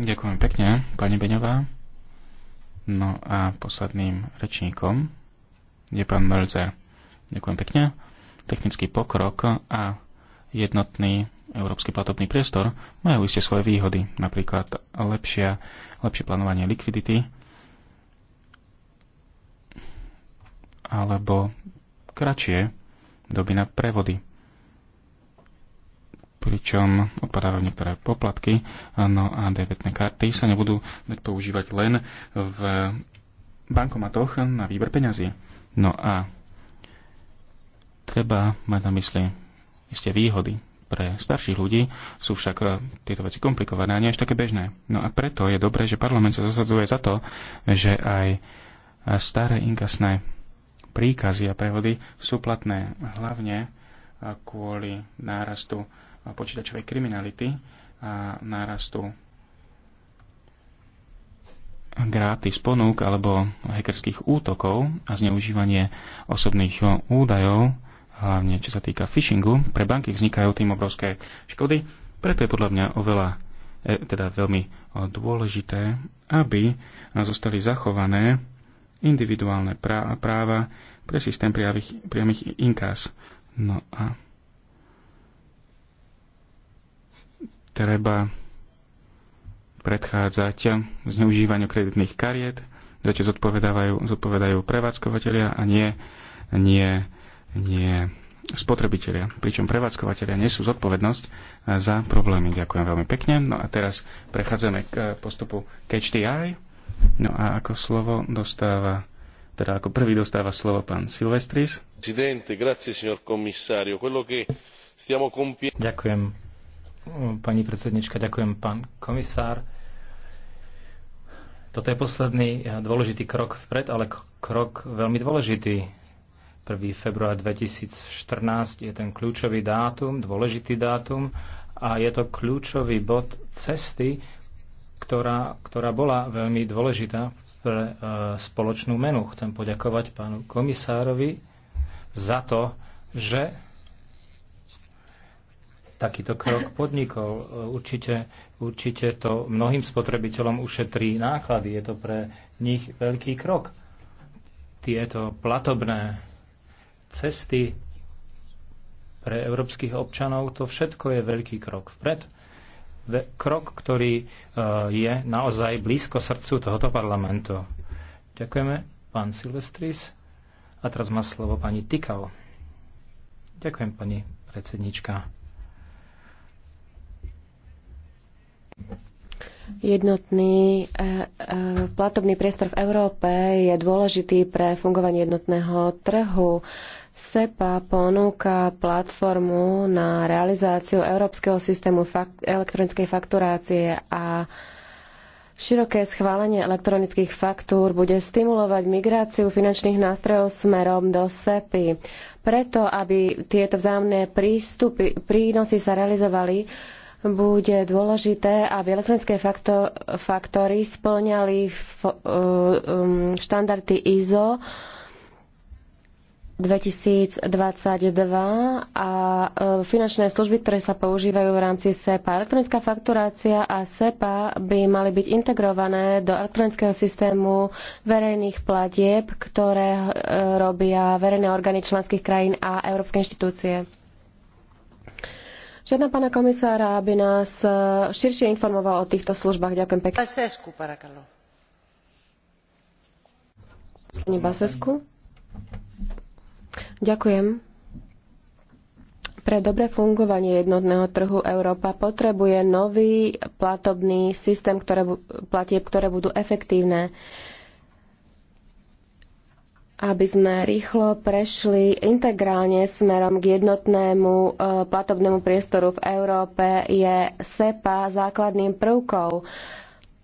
Ďakujem pekne, pani Beňová. No a posledným rečníkom je pán Mölzer. Ďakujem pekne. Technický pokrok a jednotný európsky platobný priestor majú iste svoje výhody, napríklad lepšia, lepšie plánovanie likvidity alebo kratšie doby na prevody pričom odpadávajú niektoré poplatky, no a debetné karty sa nebudú dať používať len v bankomatoch na výber peňazí. No a treba mať na mysli isté výhody. Pre starších ľudí sú však tieto veci komplikované a nie až také bežné. No a preto je dobré, že parlament sa zasadzuje za to, že aj staré inkasné príkazy a prehody sú platné hlavne kvôli nárastu počítačovej kriminality a nárastu gratis ponúk alebo hackerských útokov a zneužívanie osobných údajov, hlavne čo sa týka phishingu, pre banky vznikajú tým obrovské škody. Preto je podľa mňa oveľa, e, teda veľmi dôležité, aby zostali zachované individuálne práva pre systém priamých, priamých inkás. No a treba predchádzať zneužívaniu kreditných kariet, za čo zodpovedajú, zodpovedajú prevádzkovateľia a nie, nie, nie spotrebitelia. Pričom prevádzkovateľia nesú zodpovednosť za problémy. Ďakujem veľmi pekne. No a teraz prechádzame k postupu Catch the Eye. No a ako slovo dostáva teda ako prvý dostáva slovo pán Silvestris. Ďakujem, pani predsednička, ďakujem, pán komisár. Toto je posledný eh, dôležitý krok vpred, ale krok veľmi dôležitý. 1. február 2014 je ten kľúčový dátum, dôležitý dátum a je to kľúčový bod cesty, ktorá, ktorá bola veľmi dôležitá pre e, spoločnú menu. Chcem poďakovať pánu komisárovi za to, že takýto krok podnikol. E, určite, určite to mnohým spotrebiteľom ušetrí náklady. Je to pre nich veľký krok. Tieto platobné cesty pre európskych občanov, to všetko je veľký krok vpred. Krok, ktorý e, je naozaj blízko srdcu tohoto parlamentu. Ďakujeme, pán Silvestris. A teraz má slovo pani Tikao. Ďakujem, pani predsednička. Jednotný e, e, platobný priestor v Európe je dôležitý pre fungovanie jednotného trhu. SEPA ponúka platformu na realizáciu európskeho systému fakt- elektronickej fakturácie a široké schválenie elektronických faktúr bude stimulovať migráciu finančných nástrojov smerom do SEPy. Preto, aby tieto vzájomné prístupy, prínosy sa realizovali, bude dôležité, aby elektronické faktory splňali e, e, štandardy ISO 2022 a e, finančné služby, ktoré sa používajú v rámci SEPA. Elektronická fakturácia a SEPA by mali byť integrované do elektronického systému verejných platieb, ktoré robia verejné orgány členských krajín a európske inštitúcie. Žiadam pána komisára, aby nás e, širšie informoval o týchto službách. Ďakujem pekne. parakalo. Pani Ďakujem. Pre dobré fungovanie jednotného trhu Európa potrebuje nový platobný systém ktoré, platieb, ktoré budú efektívne. Uh, aby sme rýchlo prešli integrálne smerom k jednotnému e, platobnému priestoru v Európe, je SEPA základným prvkom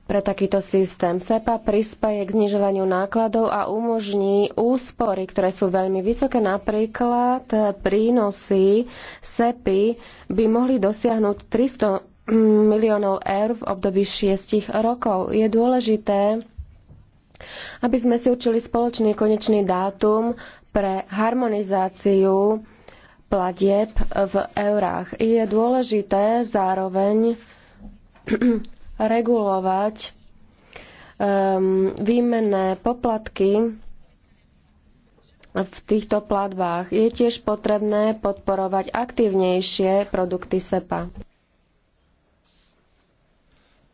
pre takýto systém. SEPA prispieje k znižovaniu nákladov a umožní úspory, ktoré sú veľmi vysoké. Napríklad e, prínosy SEPI by mohli dosiahnuť 300 miliónov eur v období 6 rokov. Je dôležité aby sme si učili spoločný konečný dátum pre harmonizáciu platieb v eurách. Je dôležité zároveň regulovať um, výmenné poplatky v týchto platbách. Je tiež potrebné podporovať aktívnejšie produkty SEPA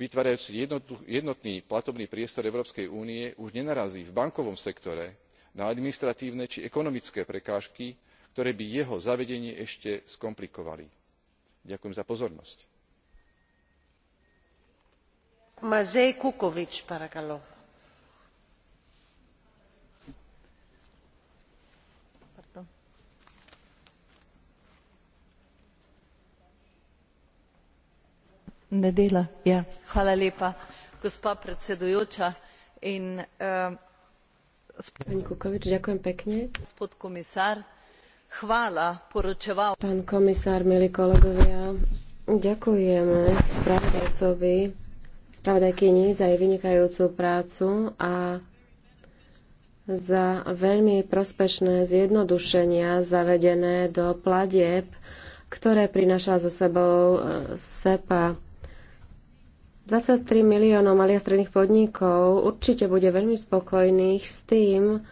vytvárajúci jednotný platobný priestor európskej únie už nenarazí v bankovom sektore na administratívne či ekonomické prekážky ktoré by jeho zavedenie ešte skomplikovali. ďakujem za pozornosť. gospa predsedujoča eh, pán komisár milí kolegovia ďakujeme spravodajcovi spravodajkyni za jej vynikajúcu prácu a za veľmi prospešné zjednodušenia zavedené do platieb ktoré prináša so sebou eh, sepa 23 miliónov malých a stredných podnikov určite bude veľmi spokojných s tým,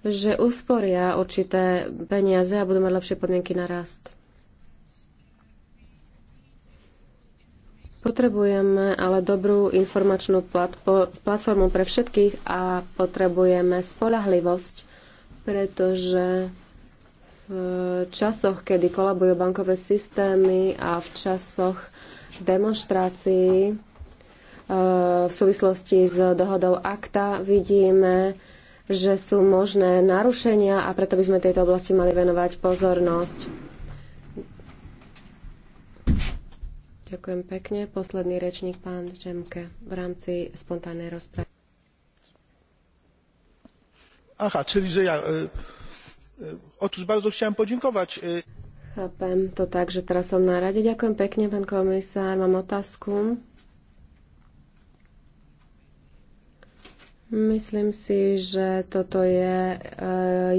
že usporia určité peniaze a budú mať lepšie podmienky na rast. Potrebujeme ale dobrú informačnú platformu pre všetkých a potrebujeme spolahlivosť, pretože v časoch, kedy kolabujú bankové systémy a v časoch, demonstrácií e, v súvislosti s dohodou akta vidíme, že sú možné narušenia a preto by sme tejto oblasti mali venovať pozornosť. Ďakujem pekne. Posledný rečník, pán Žemke, v rámci spontánnej rozpravy. Aha, čiže ja... E, e, otóż bardzo chciałem podziękować. E, Chápem to tak, že teraz som na rade. Ďakujem pekne, pán komisár. Mám otázku. Myslím si, že toto je e,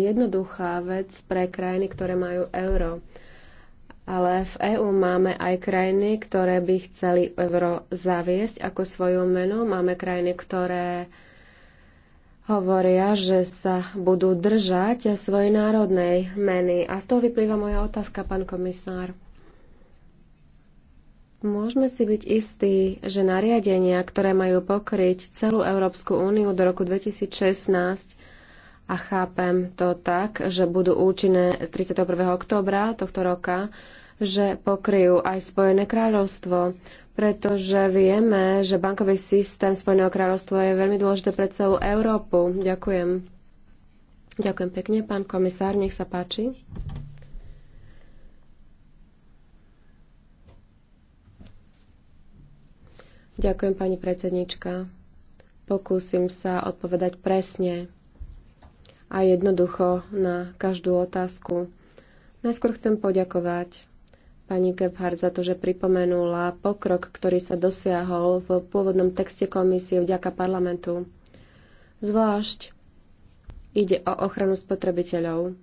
jednoduchá vec pre krajiny, ktoré majú euro. Ale v EÚ máme aj krajiny, ktoré by chceli euro zaviesť ako svoju menu. Máme krajiny, ktoré hovoria, že sa budú držať svojej národnej meny. A z toho vyplýva moja otázka, pán komisár. Môžeme si byť istí, že nariadenia, ktoré majú pokryť celú Európsku úniu do roku 2016, a chápem to tak, že budú účinné 31. októbra tohto roka, že pokryjú aj Spojené kráľovstvo pretože vieme, že bankový systém Spojeného kráľovstva je veľmi dôležité pre celú Európu. Ďakujem. Ďakujem pekne, pán komisár, nech sa páči. Ďakujem, pani predsednička. Pokúsim sa odpovedať presne a jednoducho na každú otázku. Najskôr chcem poďakovať pani Gebhardt za to, že pripomenula pokrok, ktorý sa dosiahol v pôvodnom texte komisie vďaka parlamentu. Zvlášť ide o ochranu spotrebiteľov.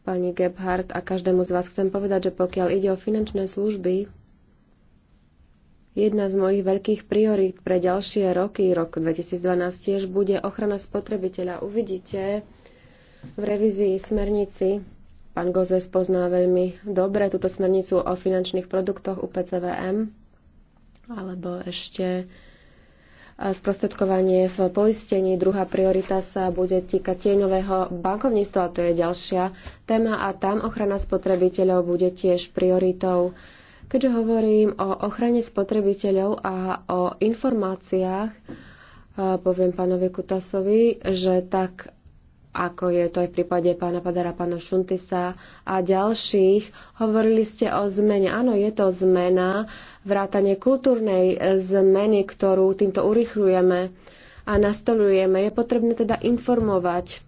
Pani Gebhardt a každému z vás chcem povedať, že pokiaľ ide o finančné služby, Jedna z mojich veľkých priorít pre ďalšie roky, rok 2012 tiež bude ochrana spotrebiteľa. Uvidíte v revízii smernici Pán Gozes pozná veľmi dobre túto smernicu o finančných produktoch u PCVM alebo ešte sprostredkovanie v poistení. Druhá priorita sa bude týkať tieňového bankovníctva, to je ďalšia téma a tam ochrana spotrebiteľov bude tiež prioritou. Keďže hovorím o ochrane spotrebiteľov a o informáciách, poviem pánovi Kutasovi, že tak ako je to aj v prípade pána Padara, pána Šuntisa a ďalších. Hovorili ste o zmene. Áno, je to zmena, vrátanie kultúrnej zmeny, ktorú týmto urychľujeme a nastolujeme. Je potrebné teda informovať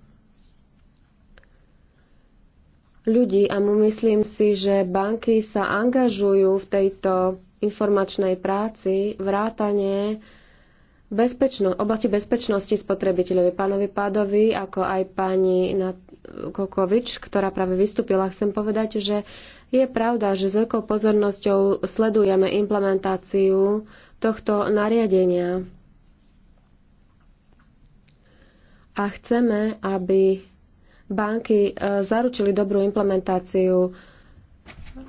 ľudí a myslím si, že banky sa angažujú v tejto informačnej práci, vrátanie bezpečno, oblasti bezpečnosti spotrebiteľovi. Pánovi Pádovi, ako aj pani Kokovič, ktorá práve vystúpila, chcem povedať, že je pravda, že s veľkou pozornosťou sledujeme implementáciu tohto nariadenia. A chceme, aby banky e, zaručili dobrú implementáciu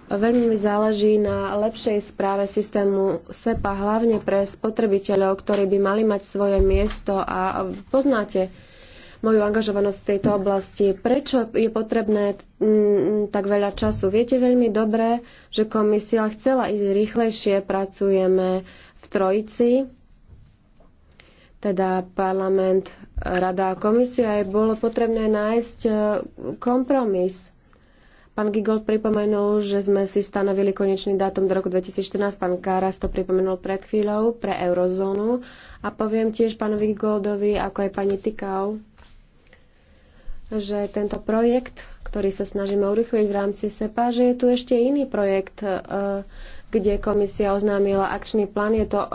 Veľmi mi záleží na lepšej správe systému SEPA, hlavne pre spotrebiteľov, ktorí by mali mať svoje miesto a poznáte moju angažovanosť v tejto oblasti. Prečo je potrebné mm, tak veľa času? Viete veľmi dobre, že komisia chcela ísť rýchlejšie, pracujeme v trojici, teda parlament, rada a komisia, je bolo potrebné nájsť e, kompromis Pán Gigol pripomenul, že sme si stanovili konečný dátum do roku 2014. Pán Káras to pripomenul pred chvíľou pre eurozónu. A poviem tiež pánovi Gigoldovi, ako aj pani Tikau, že tento projekt, ktorý sa snažíme urychliť v rámci SEPA, že je tu ešte iný projekt, e, kde komisia oznámila akčný plán. Je to e,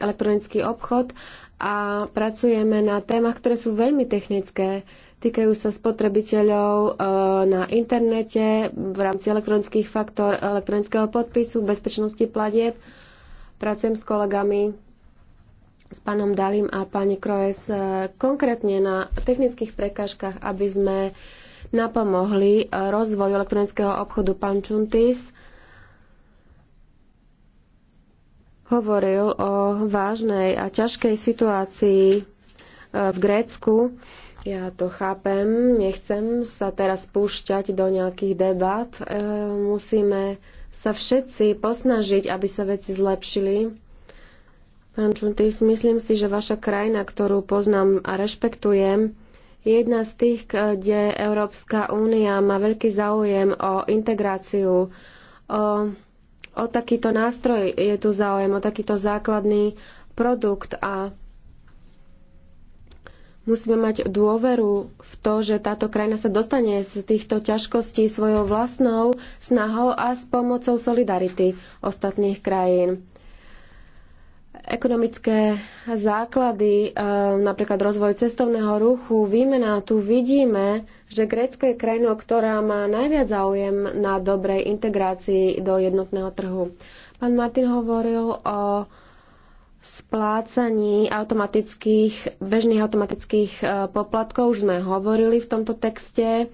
elektronický obchod a pracujeme na témach, ktoré sú veľmi technické Týkajú sa spotrebiteľov eh, na internete v rámci elektronických faktor, elektronického podpisu, bezpečnosti platieb. Pracujem s kolegami, s pánom Dalím a pani Kroes eh, konkrétne na technických prekážkach, aby sme napomohli eh, rozvoju elektronického obchodu. Pán Čuntis hovoril o vážnej a ťažkej situácii v Grécku. Ja to chápem, nechcem sa teraz púšťať do nejakých debat. E, musíme sa všetci posnažiť, aby sa veci zlepšili. Pán Čuntis, myslím si, že vaša krajina, ktorú poznám a rešpektujem, je jedna z tých, kde Európska únia má veľký záujem o integráciu, o, o takýto nástroj je tu záujem, o takýto základný produkt a Musíme mať dôveru v to, že táto krajina sa dostane z týchto ťažkostí svojou vlastnou snahou a s pomocou solidarity ostatných krajín. Ekonomické základy, e, napríklad rozvoj cestovného ruchu, výmena, tu vidíme, že Grécko je krajinou, ktorá má najviac záujem na dobrej integrácii do jednotného trhu. Pán Martin hovoril o splácaní automatických, bežných automatických e, poplatkov. Už sme hovorili v tomto texte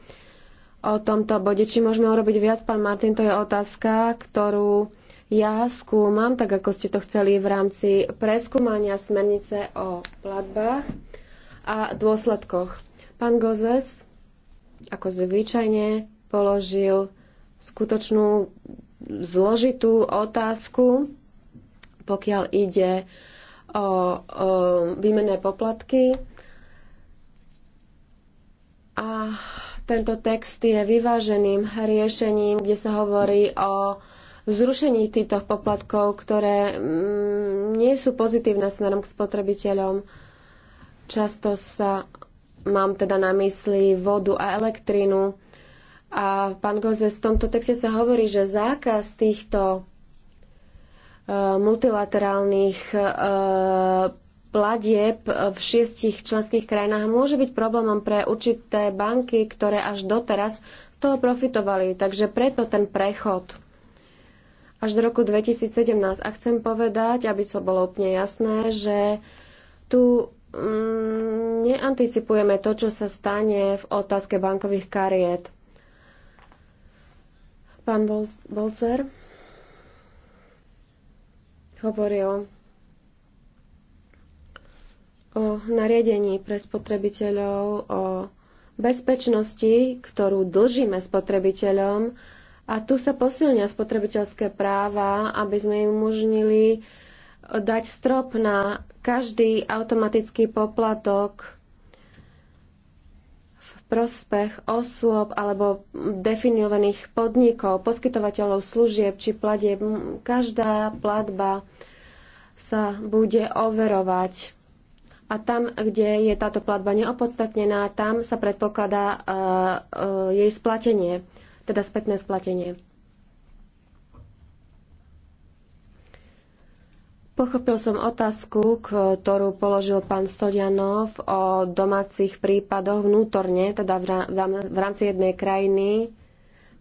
o tomto bode. Či môžeme urobiť viac, pán Martin, to je otázka, ktorú ja skúmam, tak ako ste to chceli v rámci preskúmania smernice o platbách a dôsledkoch. Pán Gozes, ako zvyčajne, položil skutočnú zložitú otázku pokiaľ ide o, o výmenné poplatky. A tento text je vyváženým riešením, kde sa hovorí o zrušení týchto poplatkov, ktoré mm, nie sú pozitívne smerom k spotrebiteľom. Často sa mám teda na mysli vodu a elektrínu. A pán Gozes, v tomto texte sa hovorí, že zákaz týchto multilaterálnych e, platieb v šiestich členských krajinách môže byť problémom pre určité banky, ktoré až doteraz z toho profitovali. Takže preto ten prechod až do roku 2017. A chcem povedať, aby to so bolo úplne jasné, že tu mm, neanticipujeme to, čo sa stane v otázke bankových kariet. Pán Bolcer hovoril o nariadení pre spotrebiteľov, o bezpečnosti, ktorú dlžíme spotrebiteľom. A tu sa posilňa spotrebiteľské práva, aby sme im umožnili dať strop na každý automatický poplatok prospech osôb alebo definovaných podnikov, poskytovateľov služieb či platieb. Každá platba sa bude overovať. A tam, kde je táto platba neopodstatnená, tam sa predpokladá e, e, jej splatenie, teda spätné splatenie. Pochopil som otázku, ktorú položil pán Stodianov o domácich prípadoch vnútorne, teda v rámci jednej krajiny.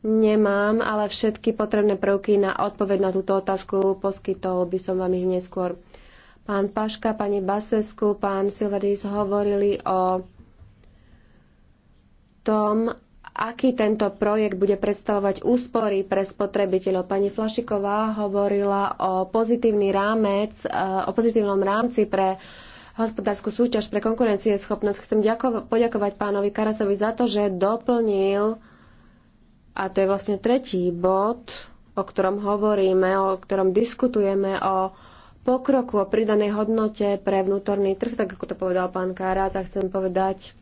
Nemám, ale všetky potrebné prvky na odpoveď na túto otázku poskytol by som vám ich neskôr. Pán Paška, pani Basesku, pán Silveris hovorili o tom, aký tento projekt bude predstavovať úspory pre spotrebiteľov. Pani Flašiková hovorila o pozitívny rámec, e, o pozitívnom rámci pre hospodárskú súťaž pre schopnosť. Chcem ďako- poďakovať pánovi Karasovi za to, že doplnil, a to je vlastne tretí bod, o ktorom hovoríme, o ktorom diskutujeme, o pokroku, o pridanej hodnote pre vnútorný trh, tak ako to povedal pán Karas, a chcem povedať,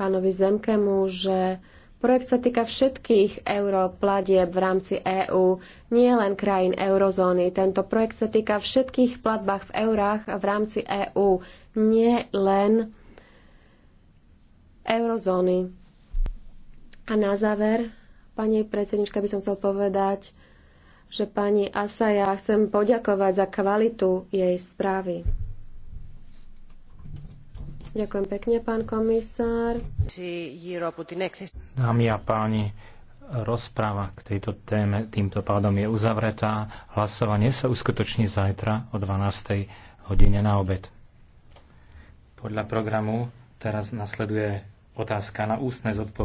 pánovi Zemkemu, že projekt sa týka všetkých europladieb v rámci EÚ, nie len krajín eurozóny. Tento projekt sa týka všetkých platbách v eurách v rámci EÚ, nie len eurozóny. A na záver, pani predsednička, by som chcel povedať, že pani Asaja chcem poďakovať za kvalitu jej správy. Ďakujem pekne, pán komisár. Dámy a páni, rozpráva k tejto téme týmto pádom je uzavretá. Hlasovanie sa uskutoční zajtra o 12. hodine na obed. Podľa programu teraz nasleduje otázka na ústne zodpovedanie.